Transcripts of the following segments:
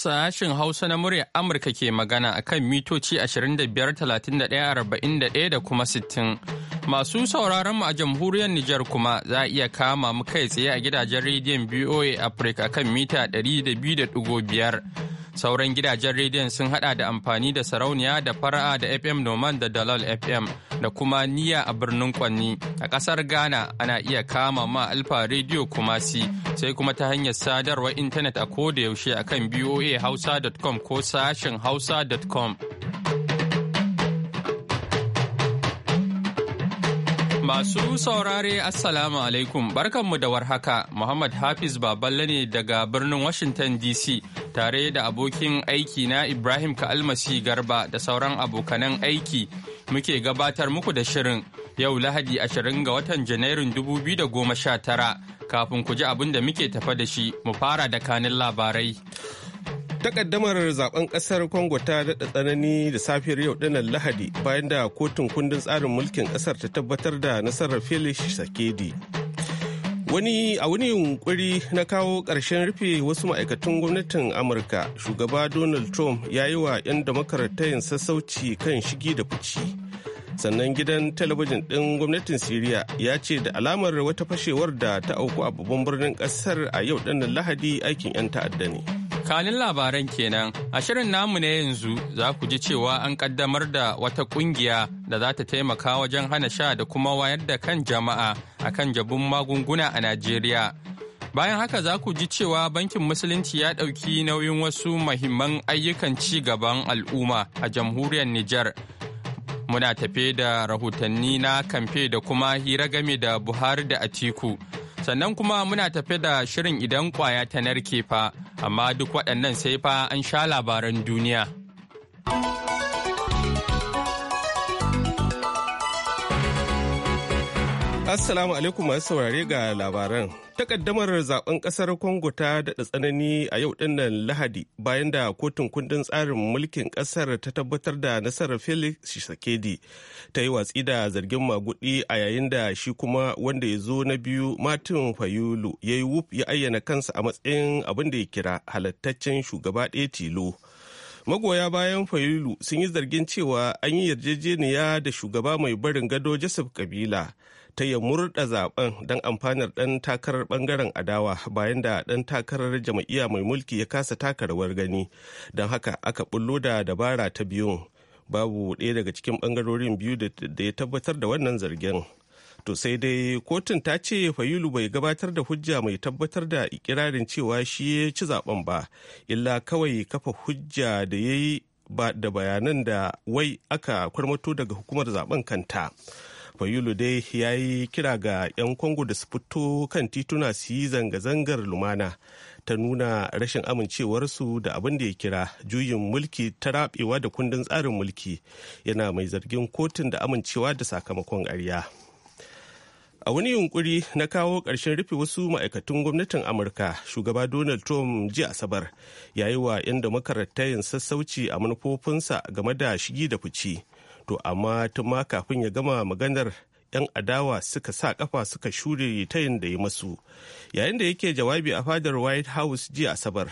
sashen Hausa na murya Amurka ke magana a kan mitoci 25,31,41 da kuma 60. Masu sauraron mu a jamhuriyar Nijar kuma za a iya kama mu kai tsaye a gidajen rediyon BOA Africa kan mita 200.5. Sauran gidajen rediyon sun hada da amfani da sarauniya da fara'a da FM Noman da Dalal FM da kuma Niya a birnin Kwanni. A ƙasar Ghana ana iya kama ma Alfa rediyo Kumasi sai kuma ta hanyar sadarwar intanet a koda yaushe akan hausacom ko sashen hausa.com. Masu saurare Assalamu alaikum barkanmu da warhaka Muhammad Hafiz Baballe ne daga birnin Washington DC tare da abokin aiki na Ibrahim Ka'almasi Garba da sauran abokanan aiki muke gabatar muku da shirin yau Lahadi 20 ga watan Janairun 2019 kafin ku ji abin da muke tafa da shi mu fara da kanin labarai. takaddamar zaben kasar congo ta daɗa tsanani da safiyar yau lahadi bayan da kotun kundin tsarin mulkin kasar ta tabbatar da nasarar felix sakedi wani a wani yunkuri na kawo ƙarshen rufe wasu ma'aikatan gwamnatin amurka shugaba donald trump ya yi wa 'yan damakarattayin sassauci kan shigi da fici sannan gidan talabijin ɗin gwamnatin siriya ya ce da alamar wata fashewar da ta auku a babban birnin ƙasar a yau ɗanar lahadi aikin 'yan ta'adda ne tsakanin labaran kenan, a shirin namu na yanzu za ku ji cewa an kaddamar da wata kungiya da za ta taimaka wajen hana sha da kuma wayar da kan jama'a a kan jabun magunguna a Najeriya. Bayan haka za ku ji cewa Bankin Musulunci ya ɗauki nauyin wasu mahimman ayyukan ci gaban al'umma a jamhuriyar Nijar. Muna tafe da rahotanni na kamfe da kuma hira game da Buhari da Atiku. sannan kuma muna tafe da shirin idan kwaya ta narke fa amma duk waɗannan sai fa an sha labaran duniya. Assalamu alaikum masu saurare ga labaran. Takaddamar zaben kasar Congo ta daɗa tsanani a yau dinnan Lahadi bayan da kotun kundin tsarin mulkin ƙasar ta tabbatar da nasarar Felix Tshisekedi ta yi watsi da zargin maguɗi a yayin da shi kuma wanda ya zo na biyu Martin Fayulu ya yi wuf ya ayyana kansa a matsayin abin da ya kira halattaccen shugaba ɗaya tilo. magoya bayan fayulu sun yi zargin cewa an yi yarjejeniya da shugaba mai barin gado joseph kabila ta yi murda zaben don amfanar ɗan takarar ɓangaren adawa bayan da ɗan takarar jam'iyya mai mulki ya kasa taka rawar gani don haka aka bullo da dabara ta biyu babu ɗaya daga cikin ɓangarorin biyu da ya tabbatar da wannan zargin to sai dai kotun ta ce fayulu bai gabatar da hujja mai tabbatar da ikirarin cewa shi ya ci zaben ba illa kawai kafa hujja da ya yi da bayanan da wai aka kwarmato daga hukumar zaben kanta fayulu dai ya yi kira ga 'yan kongo da su fito kan tituna su yi zanga-zangar lumana ta nuna rashin amincewarsu da abin da ya kira juyin mulki ta rabewa da kundin tsarin mulki yana mai zargin kotun da amincewa da sakamakon ƙarya. A wani yunkuri na kawo ƙarshen rufe wasu ma'aikatan gwamnatin Amurka, shugaba Donald Trump ji Asabar ya yi wa 'yan da yin sassauci a manufofinsa game da shigi da fice to amma tun ma kafin ya gama maganar 'yan adawa suka sa kafa suka shure yin da ya masu yayin da yake jawabi a fadar white house jiya asabar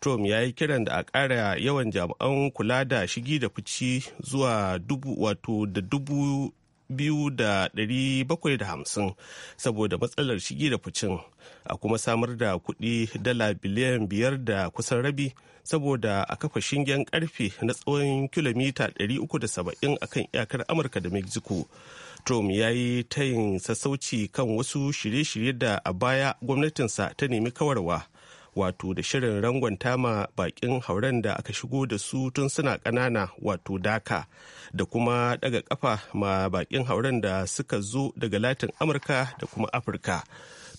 trump ya yi kiran da a ƙara yawan jami'an kula da shigi da fici zuwa dubu wato da dubu 2,750 saboda matsalar shige da ficin a kuma samar da kuɗi dala biliyan biyar da kusan rabi saboda a kafa shingen karfe na tsawon kilomita 370 kan iyakar amurka da mexico trump ya yi tayin sassauci kan wasu shirye-shirye da a baya gwamnatinsa ta nemi kawarwa wato da shirin rangon ma bakin hauren da aka shigo da su tun suna ƙanana wato daka da kuma daga kafa ma bakin hauren da suka zo daga latin amurka da kuma afirka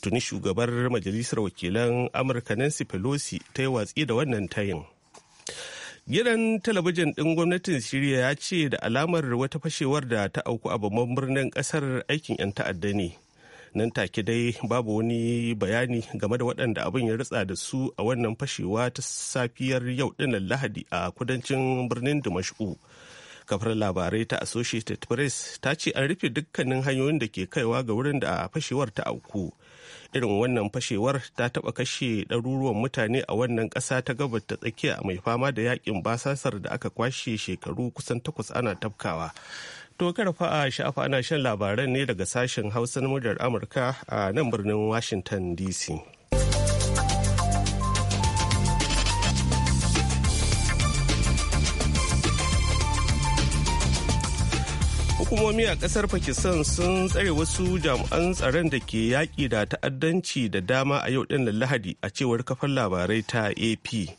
tuni shugabar majalisar wakilan amurka nancy pelosi ta yi watsi da wannan tayin gidan talabijin ɗin gwamnatin Syria ya ce da alamar wata fashewar da ta auku a babban birnin ƙasar aikin 'yan ta'adda ne nan take dai babu wani bayani game da waɗanda abin ya ritsa da su a wannan fashewa ta safiyar yau dinnan lahadi a kudancin birnin dimashku kafar labarai ta associated press ta ce an rufe dukkanin hanyoyin da ke kaiwa ga wurin da fashewar ta auku irin wannan fashewar ta taba kashe ɗaruruwan mutane a wannan ƙasa ta gabar ta tsakiya mai fama da yakin basasar da aka kwashe shekaru kusan takwas ana tafkawa To karfa a sha'afa ana shan labaran ne daga sashen Hausa na muryar Amurka a nan birnin Washington DC. hukumomi a ƙasar pakistan sun tsare wasu jami'an tsaron da ke yaƙi da ta'addanci da dama a yau ɗin lahadi a cewar kafar labarai ta ap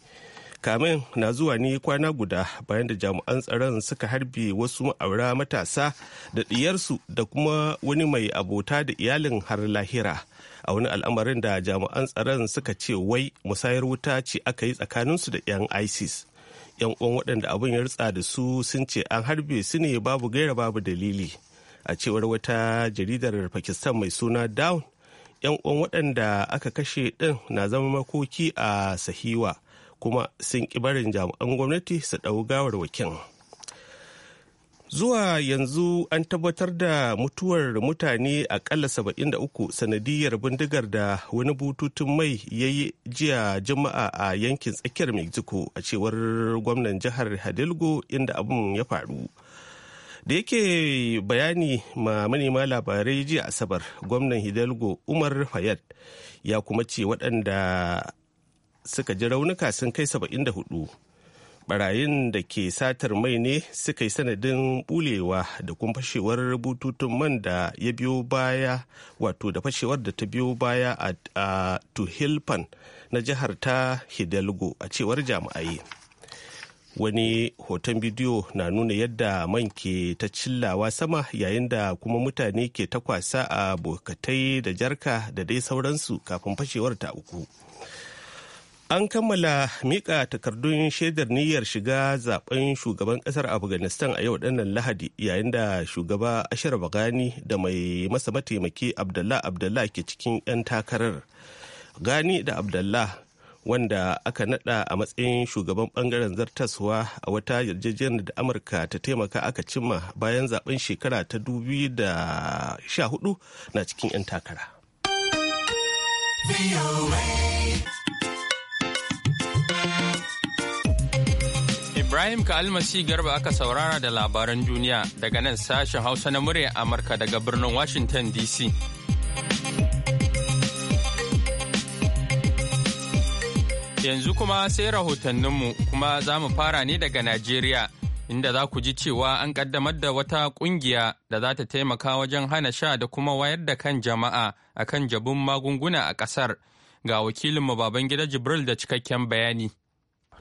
kamin na zuwa ne kwana guda bayan da jami'an tsaron suka harbe wasu ma'aura matasa da ɗiyarsu da kuma wani mai abota da iyalin har lahira a wani al'amarin da jami'an tsaron suka ce wai musayar wuta ce aka yi tsakaninsu da 'yan isis yan uwan waɗanda abin ya rutsa da su sun ce an harbe su ne babu gaira babu dalili a cewar wata jaridar pakistan mai suna down yan uwan waɗanda aka kashe ɗin na zama makoki a sahiwa kuma sun ƙi barin jami'an gwamnati su ɗau gawarwakin zuwa yanzu an tabbatar da mutuwar mutane akalla 73 sanadiyar bindigar da wani bututun mai ya yi jiya juma'a a yankin tsakiyar mexico a cewar gwamnan jihar hadilgo inda abin ya faru da yake bayani ma manema labarai jiya asabar gwamnan hidalgo umar fayad ya kuma ce waɗanda suka ji raunuka sun kai 74 barayin da ke satar mai ne suka yi sanadin bulewa da kuma fashewar bututun man da ya biyo baya wato da fashewar da ta biyo baya a tuhilpan na jihar ta hidalgo a cewar jami'ai wani hoton bidiyo na nuna yadda man ke ta cillawa sama yayin da kuma mutane ke takwasa a bokatai da jarka da dai sauransu kafin fashewar ta uku. an kammala mika takardun shaidar niyyar shiga zaben shugaban kasar afghanistan a yau ɗannan lahadi yayin da shugaba ashar bagani da mai masa mataimaki abdullah abdullah ke cikin 'yan takarar gani da abdullah wanda aka nada a matsayin shugaban bangaren zartaswa a wata yarjejeniyar da amurka ta taimaka aka cimma bayan zaben shekara ta 2014 na cikin 'yan takara. Ibrahim kalmasi Garba aka saurara da labaran duniya daga nan sashen Hausa na murya Amurka daga birnin Washington DC. Yanzu kuma sai rahotanninmu kuma za mu fara ne daga Najeriya inda za ku ji cewa an kaddamar da wata ƙungiya da za ta taimaka wajen hana sha da kuma wayar da kan jama'a a kan jabun magunguna a ƙasar. Ga wakilinmu Babangida Jibril da cikakken bayani.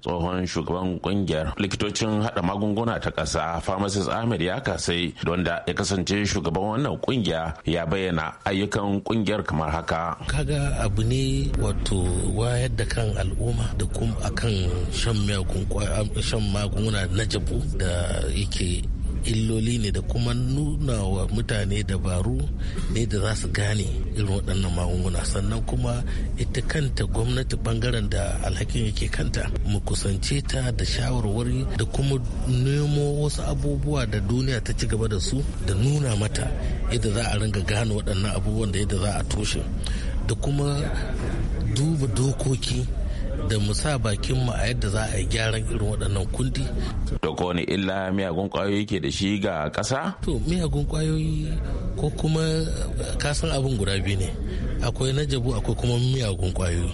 tsohon shugaban kungiyar likitocin hada magunguna ta ƙasa pharmacist ahmed ya kasai don da ya kasance shugaban wannan kungiya ya bayyana ayyukan kungiyar kamar haka kaga abu ne wato wayar da kan al'umma da kuma akan shan magunguna na jabu da yake illoli ne da kuma nuna wa mutane dabaru ne da za su gane irin waɗannan magunguna sannan kuma ita kanta gwamnati bangaren da alhakin yake kanta mu kusance ta da shawarwari da kuma nemo wasu abubuwa da duniya ta ci gaba da su da nuna mata yadda za a ringa gane waɗannan abubuwan da yadda za a toshe da kuma duba dokoki da mu sa bakin mu a yadda za a yi gyaran irin waɗannan kundi. Da ko wani illa miyagun kwayoyi ke da shi ga ƙasa? To miyagun kwayoyi ko kuma kasan abin guda biyu ne. akwai na jabu akwai kuma miyagun kwayoyi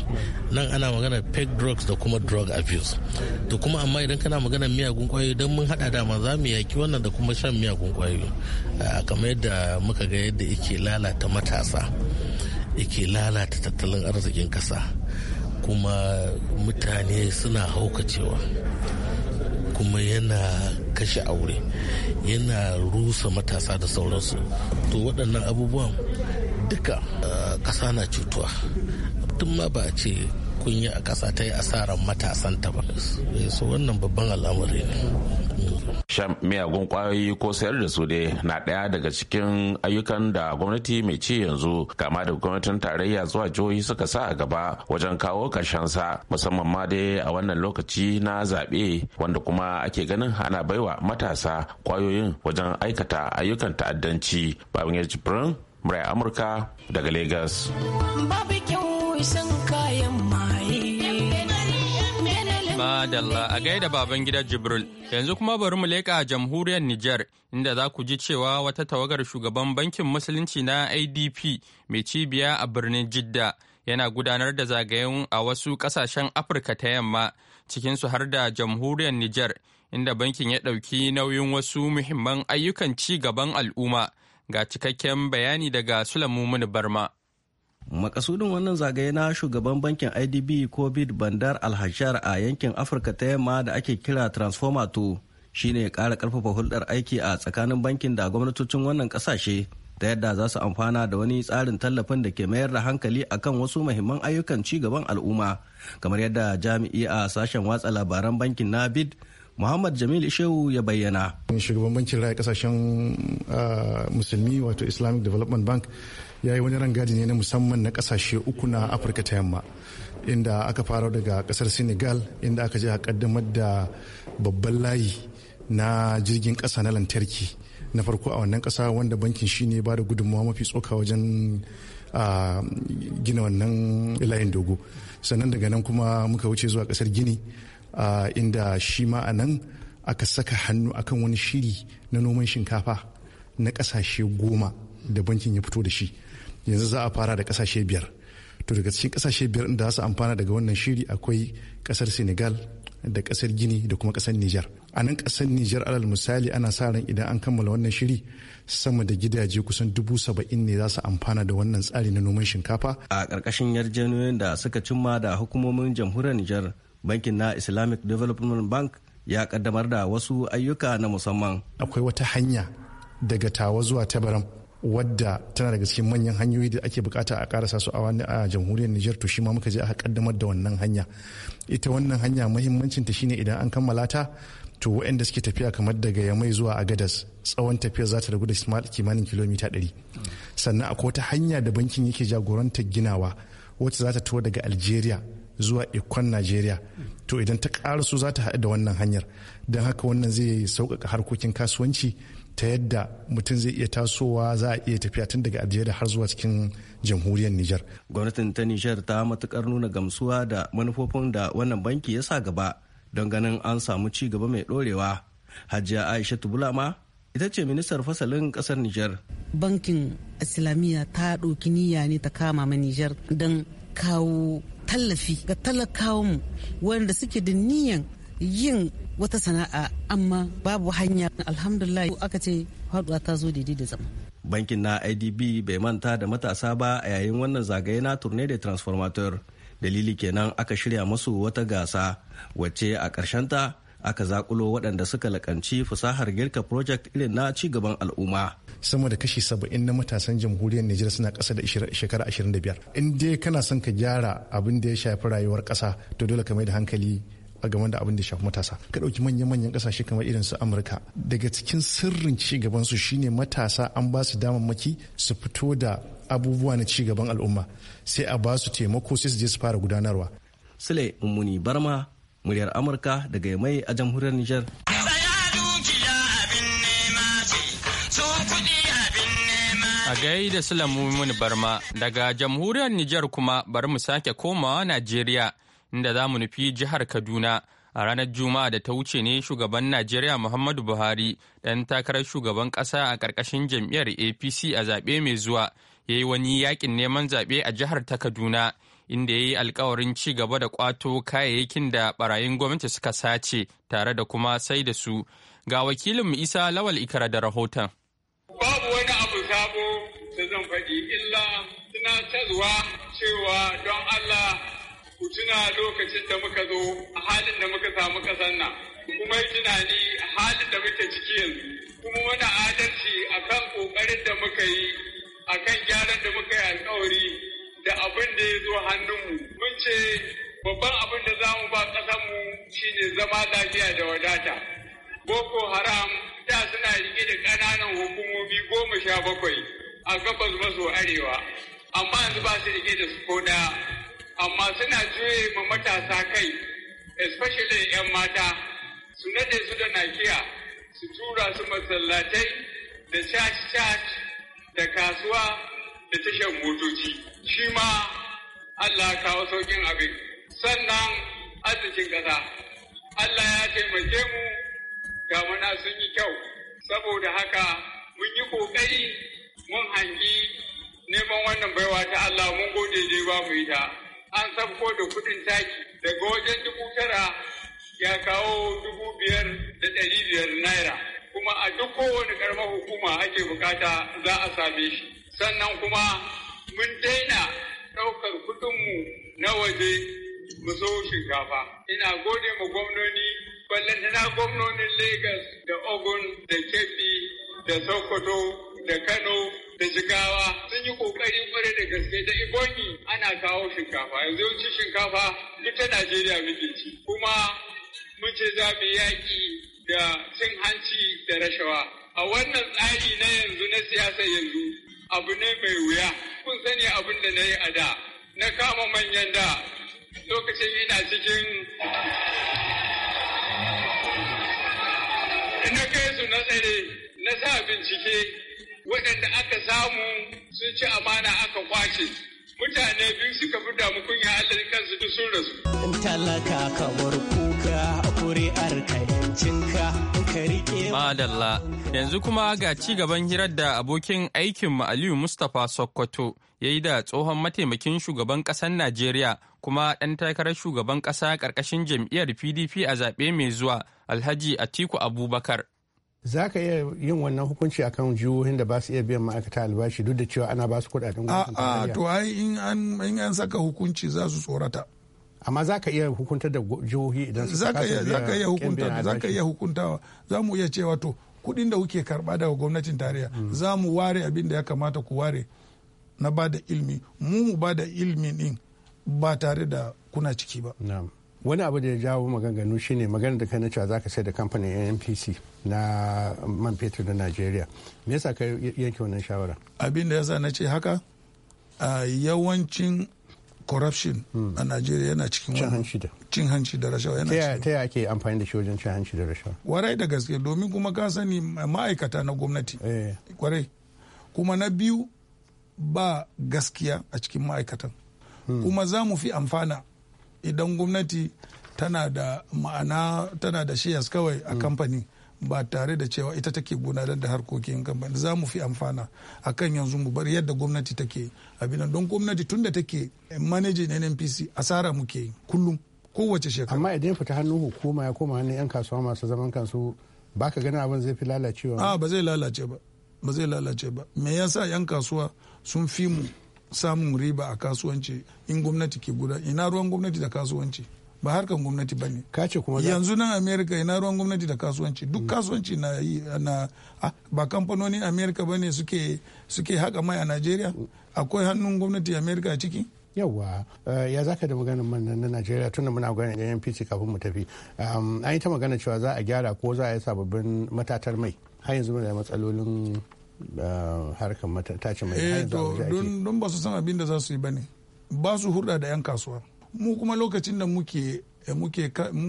nan ana magana peg drugs da kuma drug abuse to kuma amma idan kana magana miyagun kwayoyi don mun hada dama za mu yaki wannan da kuma shan miyagun kwayoyi kamar yadda muka ga yadda yake lalata matasa yake lalata tattalin arzikin kasa kuma mutane suna haukacewa kuma yana kashe aure yana rusa matasa da sauransu to waɗannan abubuwan duka eh, ƙasa na cutuwa tun ma ba a ce kunya a ƙasa ta yi asarar matasanta ba eh, so wannan babban al'amari ne shan miyagun kwayoyi ko sayar da su dai na ɗaya daga cikin ayyukan da gwamnati mai ci yanzu kama da gwamnatin tarayya zuwa jihohi suka sa a gaba wajen kawo ƙarshen sa musamman ma dai a wannan lokaci na zaɓe wanda kuma ake ganin ana baiwa matasa kwayoyin wajen aikata ayyukan ta'addanci babin yaji jibrin murai amurka daga lagos babu kyau Adalla a gaida baban gida Jibril. Yanzu kuma bari mu leƙa jamhuriyar Nijar inda za ku ji cewa wata tawagar shugaban bankin musulunci na ADP mai cibiya a birnin Jidda yana gudanar da zagayen a wasu ƙasashen Afirka ta yamma cikin su har da jamhuriyar Nijar inda bankin ya ɗauki nauyin wasu muhimman ayyukan ci gaban al'umma ga cikakken bayani daga Sulaimu Barma. makasudin wannan zagaye na shugaban bankin idb covid bandar alhashar a yankin afirka ta yamma da ake kira transformer to shine kara karfafa hulɗar aiki a tsakanin bankin da gwamnatocin wannan kasashe ta yadda za su amfana da wani tsarin tallafin da ke mayar da hankali akan wasu mahimman ayyukan ci gaban al'umma kamar yadda jami'i a sashen watsa labaran bankin na bid muhammad jamil ishehu ya bayyana shugaban bankin raya kasashen ah, musulmi wato islamic development bank ya yi wani rangadi ne na musamman na kasashe uku na afirka ta yamma inda aka fara daga kasar senegal inda aka je a kaddamar da babban layi na jirgin kasa na lantarki na farko a wannan kasa wanda bankin shine ba da gudunmawa mafi tsoka wajen gina wannan layin dogo sannan daga nan kuma muka wuce zuwa kasar gini inda shi ma a nan aka saka hannu akan wani shiri na noman shinkafa na kasashe goma da bankin ya fito da shi yanzu za a fara da kasashe biyar to daga cikin kasashe biyar da su amfana daga wannan shiri akwai kasar senegal da kasar gini da kuma kasar niger a nan kasar niger alal misali ana sa ran idan an kammala wannan shiri sama da gidaje kusan dubu saba'in ne za su amfana da wannan tsari na noman shinkafa a ƙarƙashin yarjejeniyoyin da suka cimma da hukumomin jamhuriyar niger bankin na islamic development bank ya kaddamar da wasu ayyuka na musamman akwai wata hanya daga tawa zuwa tabaram wadda tana daga cikin manyan hanyoyi da ake bukata a karasa su a wani a jamhuriyar Nijar to shi ma muka je aka kaddamar da wannan hanya ita wannan hanya muhimmancin ta shine idan an kammala ta to waɗanda suke tafiya kamar daga yamai zuwa a Gadas tsawon tafiyar za ta ragu da kimanin kilomita 100 sannan akwai wata hanya da bankin yake jagorantar ginawa wacce za ta tuwo daga algeria zuwa ikon najeriya to idan ta karasu za ta haɗu da wannan hanyar don haka wannan zai sauƙaƙa harkokin kasuwanci ta yadda mutum zai iya tasowa za a iya tafiya tun daga da har zuwa cikin jamhuriyar nijar. gwamnatin ta nijar ta matukar nuna gamsuwa da manufofin da wannan banki ya sa gaba don ganin an samu ci gaba mai dorewa hajiya aisha bulama ita ce ministar fasalin kasar nijar. bankin islamiyya ta ɗauki niyya ne ta kama ma nijar don kawo tallafi ga talakawanmu wanda suke da niyyan yin wata sana'a amma babu hanya alhamdulillah aka ce faduwa ta zo daidai da zama bankin na idb bai manta da matasa ba a yayin wannan zagaye na turne da transformator dalili kenan aka shirya masu wata gasa wacce a ƙarshen ta aka zakulo waɗanda suka lakanci fasahar girka project irin na ci gaban al'umma sama da kashi saba'in na matasan jamhuriyar Nijar suna ƙasa da shekara ashirin in dai kana son ka gyara abin da ya shafi rayuwar ƙasa to dole ka mai da hankali a game da abin da shafi matasa ka ɗauki manya-manyan ƙasashe kamar irin su amurka daga cikin sirrin cigaban su shine matasa an ba su damammaki su fito da abubuwa na cigaban al'umma sai a ba su taimako sai su je su fara gudanarwa sule mummuni barma muryar amurka daga mai a jamhuriyar nijar A da Sulamu Barma daga jamhuriyar Nijar kuma bari mu sake komawa Najeriya inda za mu nufi jihar Kaduna. A ranar Juma'a da ta wuce ne shugaban Najeriya Muhammadu Buhari ɗan takarar shugaban ƙasa a ƙarƙashin jam'iyyar APC a zaɓe mai zuwa ya yi wani yaƙin neman zaɓe a jihar ta Kaduna inda ya yi alkawarin ci gaba da ƙwato kayayyakin da ɓarayin gwamnati suka sace tare da kuma sai da su. Ga wakilinmu Isa Lawal Ikara da rahoton. Babu wani abu sabo da zan faɗi illa suna cewa don Allah ku tuna lokacin da muka zo a halin da muka samu kasan nan kuma yi tunani a halin da muke ciki yanzu kuma wani adalci a kan kokarin da muka yi a kan gyaran da muka yi alkawari da abin da ya zo hannunmu mun ce babban abin da za mu ba ƙasanmu shine zama lafiya da wadata boko haram da suna rike da ƙananan hukumomi goma sha bakwai a gabas maso arewa amma yanzu ba su rike da su ko ɗaya amma suna juye ma matasa kai especially 'yan mata su nade su da nakiya su tura su masallatai da church church, da kasuwa da tashar motoci shi ma Allah kawo saukin abin sannan arzikin ƙasa Allah ya taimake mu damuna sun yi kyau saboda haka mun yi ƙoƙari mun hangi neman wannan baiwa ta Allah mun gode dai ba mu yi ta. an sabko da kudin taki daga wajen dubu tara ya kawo dubu biyar da ɗari biyar naira kuma a duk kowane karamar hukuma ake bukata za a same shi sannan kuma mun daina ɗaukar kudinmu na waje mu so shinkafa ina gode ma gwamnoni ballantana gwamnonin lagos da ogun da kebbi da sokoto da kano da jigawa sun yi kokari kware da gaske da ibonyi ana kawo shinkafa yanzu yawanci shinkafa duk ta najeriya muke ci kuma mun ce za mu yaƙi da cin hanci da rashawa a wannan tsari na yanzu na siyasa yanzu abu ne mai wuya kun sani abin da na yi a da na kama manyan da lokacin ina cikin na kai su na tsare na sa bincike waɗanda aka samu sun ci amana aka kwace mutane biyu suka fi damu kunya Allah kansu duk sun rasu. In talaka kamar kuka kuri'ar kayancinka ka riƙe Madalla yanzu kuma ga ci gaban hirar da abokin aikinmu Aliyu Mustapha Sokoto ya yi da tsohon mataimakin shugaban ƙasar Najeriya kuma ɗan takarar shugaban ƙasa ƙarƙashin jam'iyyar PDP a zaɓe mai zuwa Alhaji Atiku Abubakar. za ka iya yin wannan hukunci kan jihohin da ba su iya biyan ma'aikata albashi duk da cewa ana ba su kudaden a to ai in an saka hukunci za su tsorata amma za ka iya hukuntar da jihohi idan su za ka iya hukunta za ka iya hukuntawa za mu iya cewa to kudin da kuke karba daga gwamnatin tarayya hmm. za mu ware abin da ya kamata ku ware na ba da ilimi mu mu ba da ilimi din ba tare da kuna ciki ba wani abu da ya jawo maganganu shine magana da kana cewa zaka sai da kamfanin NPC na man fetur na Najeriya me yasa ka yanke wannan shawara abin da yasa na ce haka a yawancin corruption hmm. a Najeriya yana cikin cin hanci da cin hanci da rashawa yana cikin ta yake amfani da shi wajen cin hanci da rashawa warai da gaske domin kuma ka sani ma'aikata na gwamnati eh. kwarai kuma na biyu ba gaskiya a cikin ma'aikatan hmm. kuma za mu fi amfana idan gwamnati tana da ma'ana tana da shares kawai a mm. kamfani ba tare da cewa ita take gudanar da harkokin kamfani za mu fi amfana a kan yanzu mu bar yadda gwamnati take abinan don gwamnati tunda take manajin nnpc asara muke yi kullum kowace shekara amma idan fita hannun hukuma ya koma hannun yan kasuwa masu zaman kansu ba ka gani abin zai fi lalacewa ba zai lalace ba ba zai lalace ba me yasa yan kasuwa sun fi mu samun riba a kasuwanci in gwamnati ke guda ina ruwan gwamnati da kasuwanci ba harkan gwamnati ba ne yanzu nan america ina ruwan gwamnati da kasuwanci duk mm. kasuwanci na yi na ba kamfanonin america ba ne suke suke haka mai a nigeria mm. akwai hannun gwamnati america a ciki yawwa eh, ya za ka da maganin man na najeriya tunda muna gani ganyen fici kafin mu tafi an yi ta magana cewa za a gyara ko za a yi sababbin matatar mai har yanzu muna da matsalolin Eh, harkar matattacin mai eh don ba su san abin da za su yi ba ne ba su hurɗa da 'yan kasuwa mu kuma lokacin da muke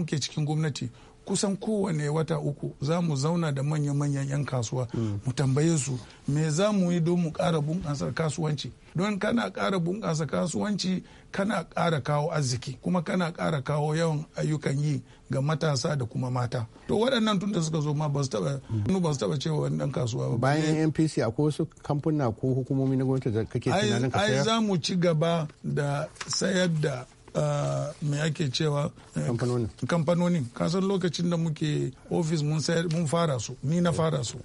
eh, cikin gwamnati kusan kowane wata uku za mu zauna da manya-manyan 'yan kasuwa mm. mu tambaye su me za mu yi don mu kara bunƙasar kasuwanci don kana kara bunƙasa kasuwanci kana kara kawo arziki kuma kana kara kawo yawan ayyukan yi ga matasa da kuma mata to waɗannan tun suka zo ma ba su taɓa cewa wani ɗan kasuwa ba bayan npc akwai wasu kamfuna ko hukumomi na gwamnati da kake tunanin ka sayar ai za mu ci gaba da sayar da Ah, me ake cewa eh, kamfanonin kasan lokacin da muke ofis mun fara su ni na fara su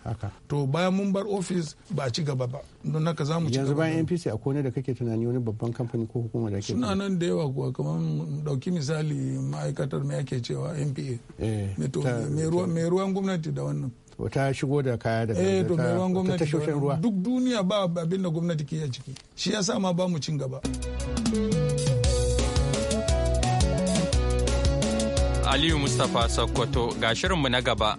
to bayan mun bar ofis ba ci gaba ba don haka za mu ci yanzu bayan npc a kone da kake tunani wani babban kamfani ko hukuma da ke suna nan da yawa kuwa kamar dauki misali ma'aikatar me ake cewa npa eh, mai ruwan gwamnati da wannan ta shigo da kaya eh, da eh to ta ruwan ruwa duk duniya ba abin da gwamnati ke ciki shi yasa ma ba mu cin gaba Aliyu Mustapha Sokoto ga shirinmu na gaba.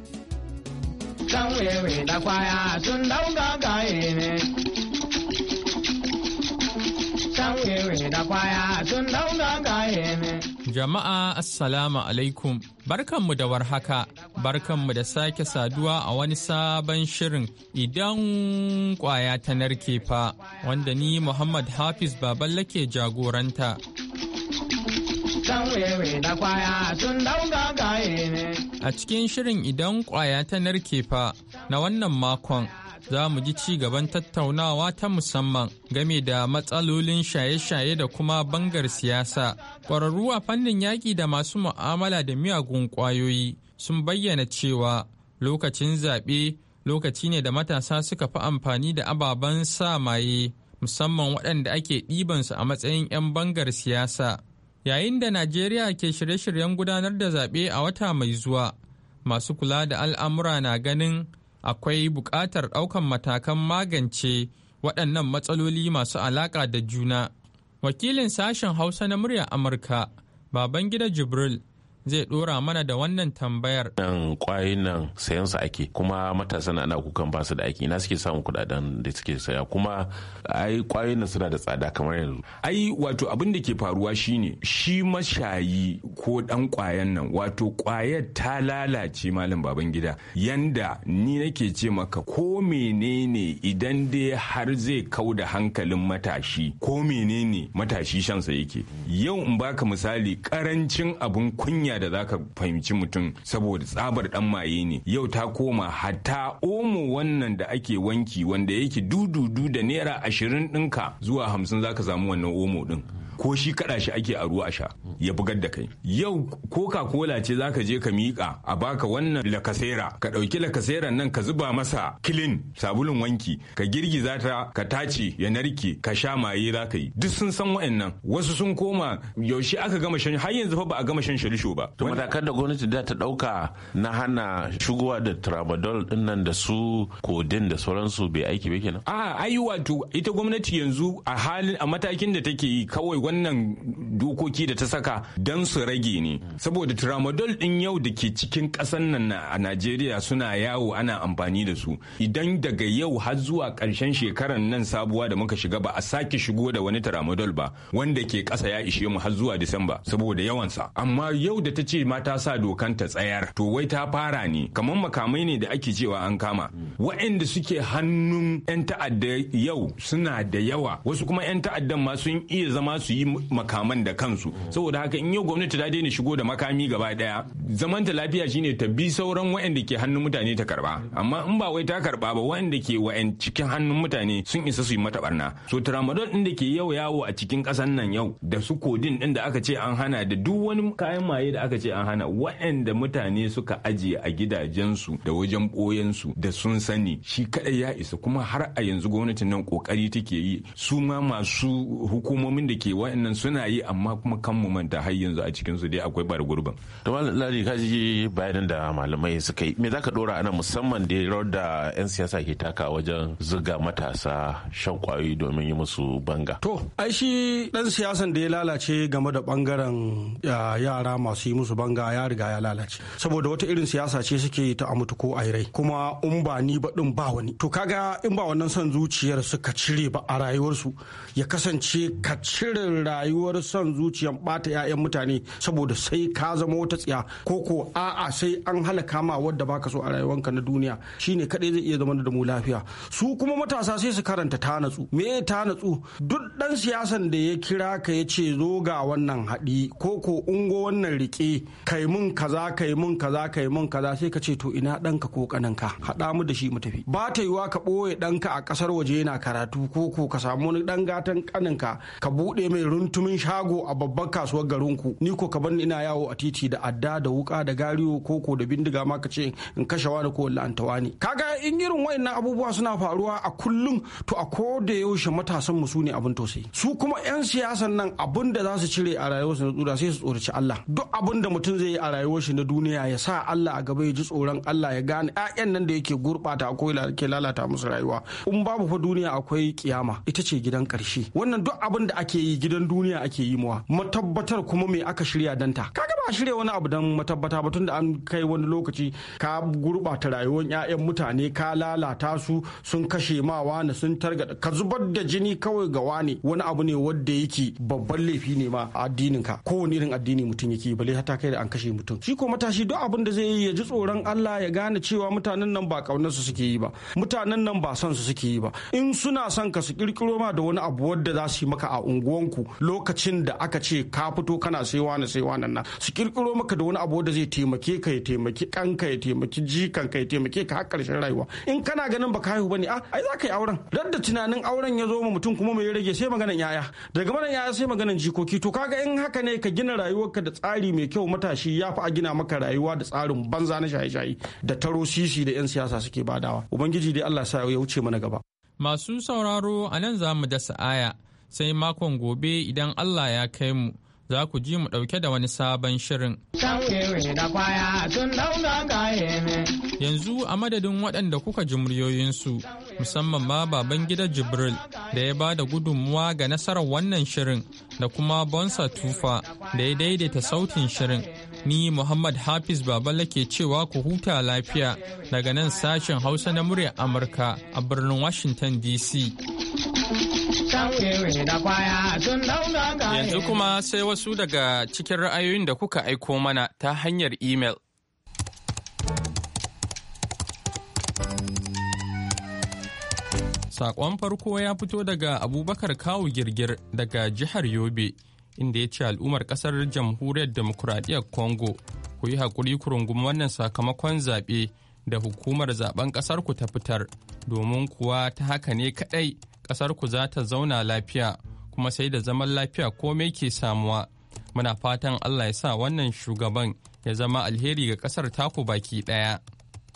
Jama'a Assalamu alaikum, barkanmu da warhaka, barkanmu da sake saduwa a wani sabon shirin idan kwaya ta narke fa, wanda ni Muhammad Hafiz Baballa ke jagoranta A cikin shirin idan kwaya ta narke fa na wannan makon za mu ji ci gaban tattaunawa ta musamman game da matsalolin shaye-shaye da kuma bangar siyasa. Ƙwararru a fannin yaƙi da masu mu'amala da miyagun ƙwayoyi sun bayyana cewa lokacin zaɓe lokaci ne da matasa suka fi amfani da ababen sa maye musamman waɗanda ake ɗibansu a matsayin 'yan bangar siyasa. Yayin da Najeriya ke shirye-shiryen gudanar da zaɓe a wata mai zuwa, masu kula da al'amura na ganin akwai buƙatar ɗaukan matakan magance waɗannan matsaloli masu alaƙa da juna. Wakilin sashen Hausa na muryar Amurka, Babangida Jibril, zai dora mana da wannan tambayar. Nan kwayoyin nan sayan su ake kuma matasan ana kukan ba su da aiki ina suke samun kudaden da suke saya kuma ai kwayoyin nan suna da tsada kamar yanzu. Ai wato abin da ke faruwa shine shi mashayi ko dan kwayan nan wato kwayar ta lalace malam baban gida yanda ni nake ce maka ko menene idan dai har zai kau da hankalin matashi ko menene matashi shansa yake. Yau in baka misali karancin abun kunya hanya da zaka fahimci mutum saboda tsabar dan maye ne yau ta koma hatta omo wannan da ake wanki wanda yake dududu da naira ashirin dinka zuwa hamsin zaka samu wannan omo ɗin ko shi kada shi ake a ruwa sha ya bugar da kai yau coca cola ce zaka je ka miƙa a baka wannan lakasera ka ɗauki lakasera nan ka zuba masa kilin sabulun wanki ka girgiza ta ka tace ya narke ka sha maye zaka yi duk sun san wa'annan wasu sun koma yaushe aka gama shan har yanzu fa ba a gama shan shirisho ba to matakan da gwamnati da ta ɗauka na hana shigowa da tramadol din nan da su kodin da sauransu bai aiki ba kenan a ai wato ita gwamnati yanzu a halin a matakin da take yi kawai wannan dokoki da ta saka don su rage ne saboda tramadol din yau da ke cikin kasan nan a najeriya suna yawo ana amfani da su idan daga yau har zuwa karshen shekarar nan sabuwa da muka shiga ba a sake shigo da wani tramadol ba wanda ke kasa ya ishe mu har zuwa disamba saboda yawansa amma yau da ta ce ma ta sa dokan ta tsayar to wai ta fara ne kamar makamai ne da ake cewa an kama wa'anda suke hannun 'yan ta'adda yau suna da yawa wasu kuma 'yan ta'addan ma sun iya zama su yi yi makaman da kansu saboda haka in yau gwamnati ta daina shigo da makami gaba daya zamanta lafiya shine ta bi sauran waɗanda ke hannun mutane ta karba amma in ba wai ta karba ba waɗanda ke wa'an cikin hannun mutane sun isa su yi mata barna so tramadol din da ke yau yawo a cikin ƙasar nan yau da su kodin din da aka ce an hana da duk wani kayan maye da aka ce an hana waɗanda mutane suka ajiye a gidajensu da wajen ɓoyensu da sun sani shi kadai ya isa kuma har a yanzu gwamnatin nan kokari take yi su ma masu hukumomin da ke wa'annan suna yi amma kuma kan mu manta har yanzu a cikin su dai akwai bar gurbin to ladi ka ji bayanin da malamai suka yi me zaka dora ana musamman da rawar da yan siyasa ke taka wajen zuga matasa shan kwayoyi domin yi musu banga to ai shi dan siyasan da ya lalace game da bangaren yara masu yi musu banga ya riga ya lalace saboda wata irin siyasa ce suke ta a ko a rai kuma in ba ni ba din ba wani to kaga in ba wannan son zuciyar suka cire ba a rayuwarsu ya kasance ka cire irin rayuwar son zuciyan bata 'ya'yan mutane saboda sai ka zama wata tsiya ko ko a'a sai an halaka ma wadda baka so a rayuwanka na duniya shine kadai zai iya zama da mu lafiya su kuma matasa sai su karanta ta natsu me ta natsu duk dan siyasan da ya kira ka ya ce zo ga wannan haɗi ko ko ungo wannan rike kai mun kaza kai mun kaza kai mun kaza sai ka ce to ina ɗanka ko kananka haɗa mu da shi mu tafi ba ta yiwa ka ɓoye ɗanka a ƙasar waje yana karatu ko ko ka samu wani ɗan gatan ƙaninka ka buɗe mai runtumin shago a babban kasuwar garin ku. ni ko kaban ina yawo a titi da adda da wuka da gariyo koko da bindiga ma kace in kashe wani ko la'antawa ne kaga in irin wayannan abubuwa suna faruwa a kullum to a ko da yaushe matasan mu su ne abin tausayi su kuma yan siyasan nan abin da za su cire a rayuwar su na tsura sai su tsoraci Allah duk abin da mutum zai yi a rayuwar shi na duniya ya sa Allah a gaba ya ji tsoron Allah ya gane ƴaƴan nan da yake gurbata akwai ke lalata musu rayuwa in babu fa duniya akwai kiyama ita ce gidan ƙarshe wannan duk abin da ake yi gidan duniya ake yi mawa matabbatar kuma me aka shirya ta kaga ba shirya wani abu dan matabbata ba da an kai wani lokaci ka gurbata rayuwar 'ya'yan mutane ka lalata su sun kashe ma wani sun targada ka zubar da jini kawai ga wani wani abu ne wanda yake babban laifi ne ma addinin ka kowane irin addini mutum yake bale hata kai da an kashe mutum shi ko matashi duk abin da zai yi ya ji tsoron Allah ya gane cewa mutanen nan ba kaunar su suke yi ba mutanen nan ba son su suke yi ba in suna son ka su kirkiro ma da wani abu wanda za su yi maka a unguwanku uku lokacin da aka ce ka fito kana sai wani sai wani nan su kirkiro maka da wani abu da zai taimake ka ya taimaki ɗanka ya taimaki jikan ka ya taimake ka har ƙarshen rayuwa in kana ganin baka haihu bane a ah, ai za ka yi auren da tunanin auren ya zo ma mutum kuma mai rage sai maganan yaya daga maganan yaya sai maganan jikoki to kaga in haka ne ka gina rayuwarka da tsari mai kyau matashi ya fi a gina maka rayuwa da tsarin banza na shaye-shaye da taro sisi da 'yan siyasa suke badawa ubangiji dai allah sa ya wuce mana gaba masu sauraro a nan za mu dasa aya sai makon gobe idan Allah ya kai mu. Za ku ji mu ɗauke da wani sabon shirin. Yanzu a madadin waɗanda kuka ji muryoyinsu, musamman ma baban gida Jibril da ya ba da gudunmuwa ga nasarar wannan shirin da kuma Bonsa Tufa da ya daidaita sautin shirin. Ni Muhammad Hafiz Babala ke cewa ku huta lafiya daga nan sashen Hausa na muryar Amurka a birnin Washington DC. Yanzu kuma sai wasu daga cikin ra'ayoyin da kuka aiko mana ta hanyar imel. saƙon farko ya fito daga Abubakar Kawu Girgir daga jihar Yobe, inda ya ce al'ummar kasar jamhuriyar demokuraɗiyyar Congo, ku yi haƙuri ku rungumi wannan sakamakon zaɓe da hukumar zaɓen ƙasar ku ta fitar, domin kuwa ta haka ne kaɗai ƙasarku za ta zauna lafiya kuma sai da zaman lafiya komai ke samuwa muna fatan allah ya sa wannan shugaban ya zama alheri ga kasar taku baki ɗaya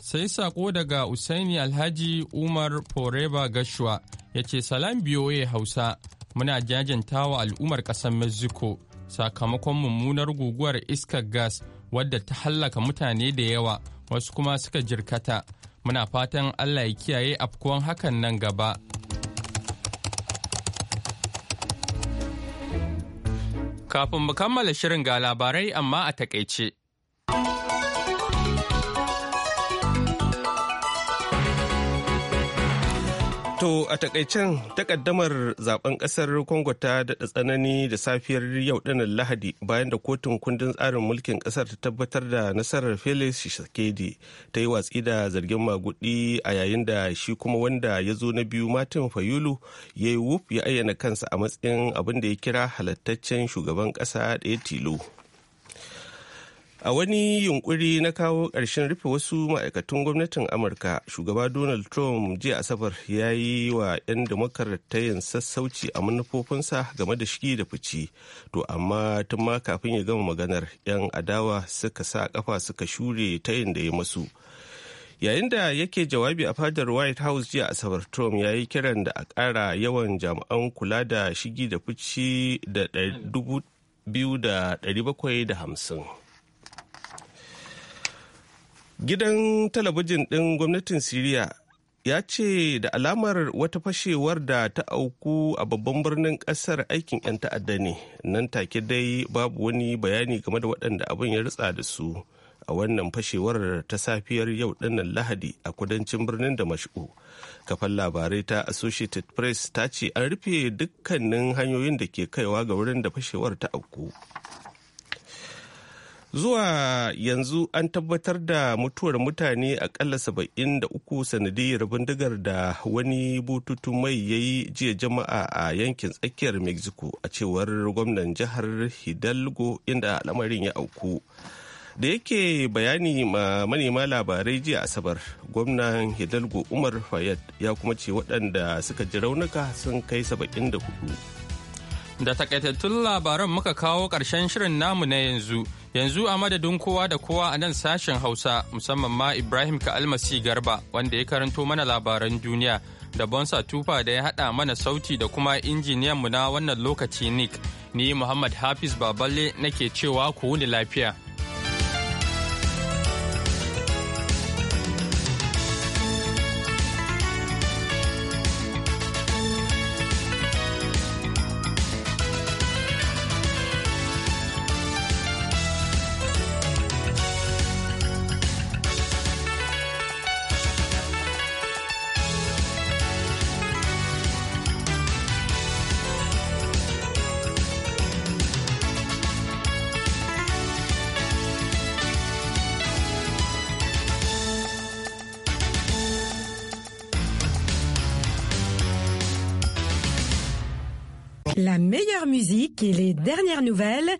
sai sako daga usaini alhaji umar foreba gashua ya ce salam biyoye hausa muna jajanta wa al'ummar ƙasar mexico sakamakon mummunar guguwar iskar gas wadda ta hallaka mutane da yawa wasu kuma suka jirkata muna fatan allah ya kiyaye afkuwan hakan nan gaba kafin mu kammala shirin ga labarai amma a takaice. To a takaicen takaddamar zaben kasar Congo ta daɗa tsanani da safiyar yau ɗanin Lahadi bayan da kotun kundin tsarin mulkin ƙasar ta tabbatar da nasarar Felix Tshisekedi ta yi watsi da zargin magudi a yayin da shi kuma wanda ya zo na biyu Martin Fayulu ya yi wuf ya ayyana kansa a matsayin abin da ya kira halattaccen shugaban ƙasa ɗaya tilo. a wani yunkuri na kawo ƙarshen rufe wasu ma'aikatun gwamnatin amurka shugaba donald trump jiya asabar ya yi wa 'yan demokaratayin sassauci a manufofinsa game da shigi da fici to amma tun ma kafin ya gama maganar 'yan adawa suka sa kafa suka shure yin da ya masu yayin da yake jawabi a fadar white house jiya asabar trump ya yi kiran da a ƙara yawan jami'an kula da shigi da fici da 2,750 gidan talabijin ɗin gwamnatin siriya ya ce da alamar wata fashewar da ta auku a babban birnin ƙasar aikin 'yan ta'adda ne nan take dai babu wani bayani game da waɗanda abin ya ritsa da su a wannan fashewar ta safiyar yau ɗinnan lahadi a kudancin birnin da mashu kafan labarai ta associated press ta ce an rufe dukkanin hanyoyin da ke kaiwa ga wurin da fashewar ta auku zuwa yanzu an tabbatar da mutuwar mutane akalla saba'in da uku sanadiyar bindigar da wani bututu mai ya yi jiya jama'a a yankin tsakiyar mexico a cewar gwamnan jihar hidalgo inda lamarin ya auku da yake bayani ma manema labarai jiya asabar gwamnan hidalgo umar Fayyad ya kuma ce waɗanda suka ji raunuka sun kai saba'in da hudu Da takaitattun labaran muka kawo ƙarshen shirin namu na yanzu. Yanzu a madadin kowa da kowa a nan sashen Hausa musamman ma Ibrahim kalmasi Garba wanda ya karanto mana labaran duniya da Bonsa Tufa da ya haɗa mana sauti da kuma injiniyanmu na wannan lokaci Nick. Ni Muhammad Hafiz Baballe nake cewa ku wuni lafiya. et les dernières nouvelles,